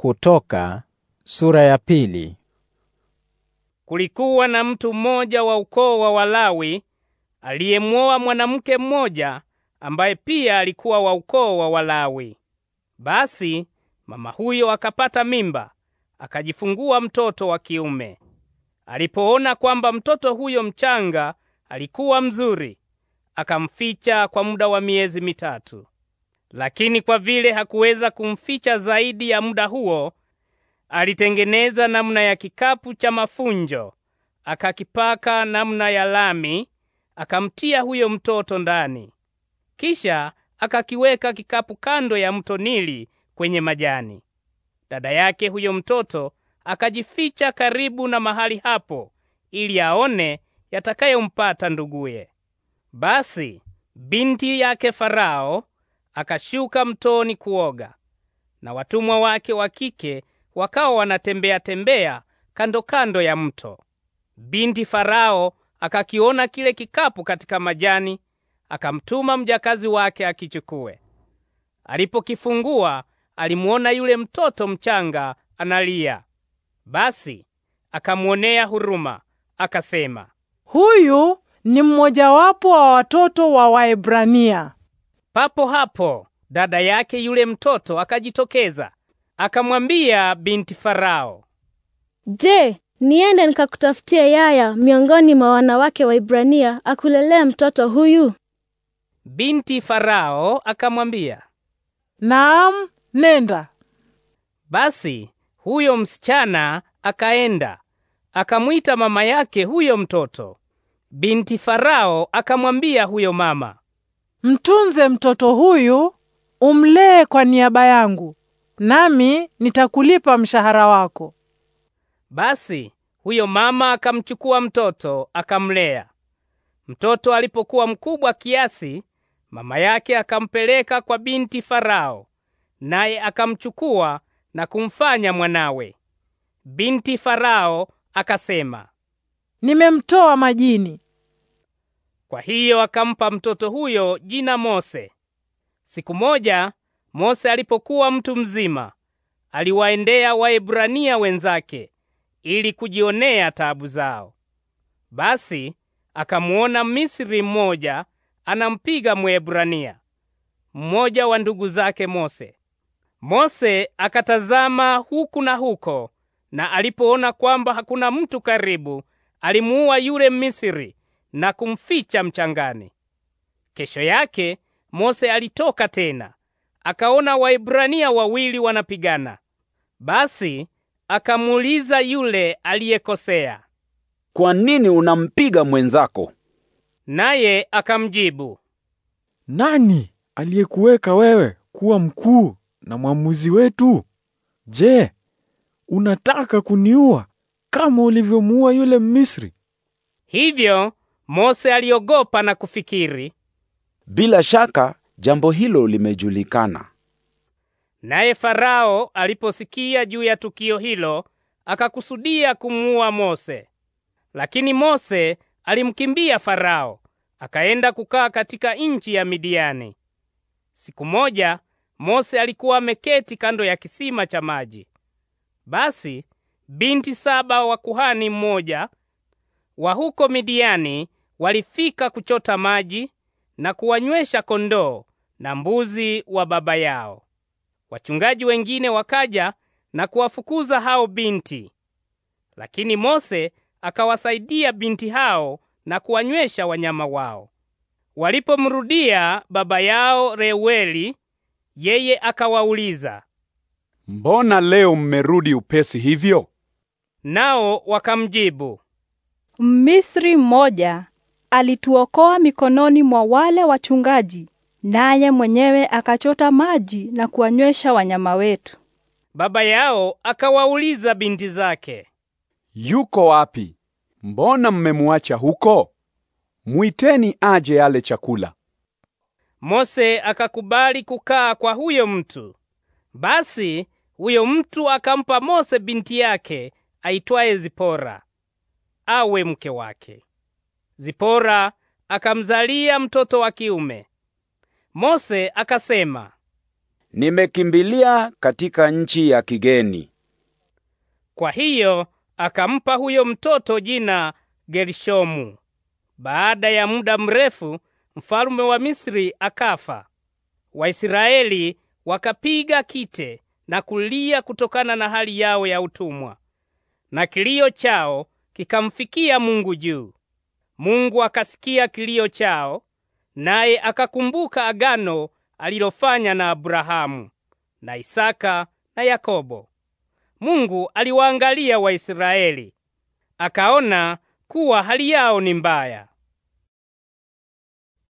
Kutoka sura ya pili. Kulikuwa na mtu mmoja wa ukoo wa Walawi aliyemwoa mwanamke mmoja ambaye pia alikuwa wa ukoo wa Walawi. Basi mama huyo akapata mimba, akajifungua mtoto wa kiume. Alipoona kwamba mtoto huyo mchanga alikuwa mzuri, akamficha kwa muda wa miezi mitatu. Lakini kwa vile hakuweza kumficha zaidi ya muda huo, alitengeneza namna ya kikapu cha mafunjo, akakipaka namna ya lami, akamtia huyo mtoto ndani. Kisha akakiweka kikapu kando ya mto Nili kwenye majani. Dada yake huyo mtoto akajificha karibu na mahali hapo ili aone yatakayompata nduguye. Basi binti yake Farao akashuka mtoni kuoga, na watumwa wake wa kike wakawa wanatembea tembea kando kando ya mto. Binti Farao akakiona kile kikapu katika majani, akamtuma mjakazi wake akichukue. Alipokifungua alimuona yule mtoto mchanga analia. Basi akamuonea huruma, akasema, huyu ni mmojawapo wa watoto wa Waebrania. Papo hapo dada yake yule mtoto akajitokeza akamwambia binti Farao, Je, niende nikakutafutie yaya miongoni mwa wanawake wa Ibrania akulelea mtoto huyu? Binti Farao akamwambia, Naam, nenda. Basi huyo msichana akaenda akamwita mama yake huyo mtoto. Binti Farao akamwambia huyo mama, Mtunze mtoto huyu, umlee kwa niaba yangu, nami nitakulipa mshahara wako. Basi huyo mama akamchukua mtoto akamlea. Mtoto alipokuwa mkubwa kiasi, mama yake akampeleka kwa binti Farao, naye akamchukua na kumfanya mwanawe. Binti Farao akasema, nimemtoa majini kwa hiyo akampa mtoto huyo jina Mose. Siku moja Mose alipokuwa mtu mzima, aliwaendea Waebrania wenzake ili kujionea taabu zao. Basi akamuona Misri mmoja anampiga Mwebrania, mmoja wa ndugu zake Mose. Mose akatazama huku na huko, na alipoona kwamba hakuna mtu karibu, alimuua yule Misri na kumficha mchangani. Kesho yake Mose alitoka tena akaona Waibrania wawili wanapigana. Basi akamuuliza yule aliyekosea, kwa nini unampiga mwenzako? Naye akamjibu, nani aliyekuweka wewe kuwa mkuu na mwamuzi wetu? Je, unataka kuniua kama ulivyomuua yule Misri? Hivyo Mose aliogopa na kufikiri, bila shaka jambo hilo limejulikana. Naye Farao aliposikia juu ya tukio hilo, akakusudia kumuua Mose. Lakini Mose alimkimbia Farao, akaenda kukaa katika nchi ya Midiani. Siku moja Mose alikuwa ameketi kando ya kisima cha maji. Basi binti saba wa kuhani mmoja wa huko Midiani walifika kuchota maji na kuwanywesha kondoo na mbuzi wa baba yao. Wachungaji wengine wakaja na kuwafukuza hao binti, lakini Mose akawasaidia binti hao na kuwanywesha wanyama wao. Walipomrudia baba yao reweli yeye akawauliza, mbona leo mmerudi upesi hivyo? Nao wakamjibu, Mmisri mmoja alituokoa mikononi mwa wale wachungaji, naye mwenyewe akachota maji na kuwanywesha wanyama wetu. Baba yao akawauliza binti zake, yuko wapi? Mbona mmemwacha huko? Mwiteni aje ale chakula. Mose akakubali kukaa kwa huyo mtu. Basi huyo mtu akampa Mose binti yake aitwaye Zipora awe mke wake. Zipora akamzalia mtoto wa kiume. Mose akasema, nimekimbilia katika nchi ya kigeni. Kwa hiyo akampa huyo mtoto jina Gerishomu. Baada ya muda mrefu, mfalme wa Misri akafa. Waisraeli wakapiga kite na kulia kutokana na hali yao ya utumwa, na kilio chao kikamfikia Mungu juu. Mungu akasikia kilio chao, naye akakumbuka agano alilofanya na Abrahamu na Isaka na Yakobo. Mungu aliwaangalia Waisraeli akaona kuwa hali yao ni mbaya.